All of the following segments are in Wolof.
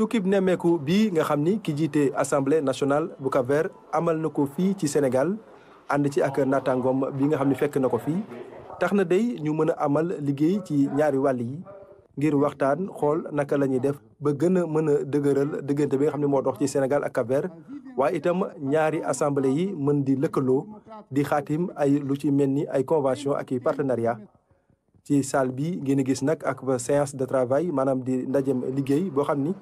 tukkib nemmeeku bii nga xam ni ki jiite assemblée nationale bu cap amal na ko fii ci Sénégal ànd ci ak naataangoom bi nga xam ne fekk na ko fii tax na day ñu mën a amal liggéey ci ñaari wàll yi ngir waxtaan xool naka la ñuy def ba gën a mën a dëgëral diggante bi nga xam ne moo dox ci Sénégal ak Cap-Vert waaye itam ñaari assemblée yi mën di lëkkaloo di xaatim ay lu ci mel ni ay convention ak i partenariat ci salle bi ngeen gis nag ak séance de travail maanaam di ndajem liggéey boo xam ni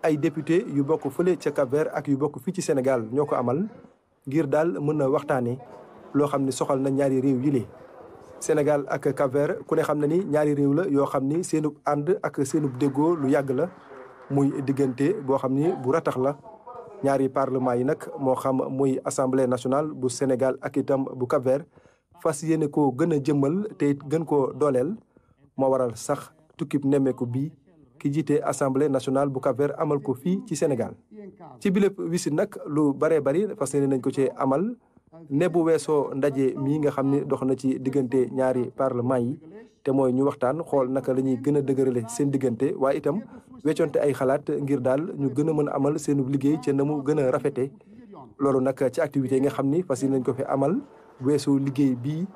ay député yu bokk fële ca cap ak yu bokk fii ci Sénégal ñoo ko amal ngir daal mën na waxtaanee loo xam ni soxal na ñaari réew yi lee Sénégal ak cap ku ne xam na ni ñaari réew la yoo xam ni seenub ànd ak seenub déggoo lu yàgg la muy diggante boo xam ni bu ratax la ñaari parlement yi nag moo xam muy assemblée nationale bu Sénégal ak itam bu Cap-Vert fas yéene ko gën a jëmmal te it gën koo dooleel moo waral sax tukkib nemmeeku bii ki jiite assemblée nationale bu cap amal ko fii ci Sénégal ci bilépp wisit nag lu baree bari fas yéene nañ ko ci amal ne bu weesoo ndaje mii nga xam ne dox na ci diggante ñaari parlement yi te mooy ñu waxtaan xool naka la ñuy gën a dëgërale seen diggante waaye itam weccoonte ay xalaat ngir daal ñu gën a mën a amal seen liggéey ca na mu gën a rafete loolu nag ci activités yi nga xam ni fas yéene nañ ko fi amal weesoo liggéey bii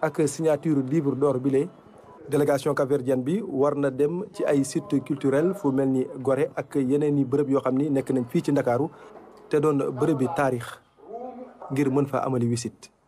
ak signature livre d'or bi délégation capverdienne bi war na dem ci ay site culturel fu mel ni gore ak yeneen i bërëb yoo xam ni nekk nañ fii ci Ndakaaru te doon bërëb bi taarix ngir mën fa amali wisit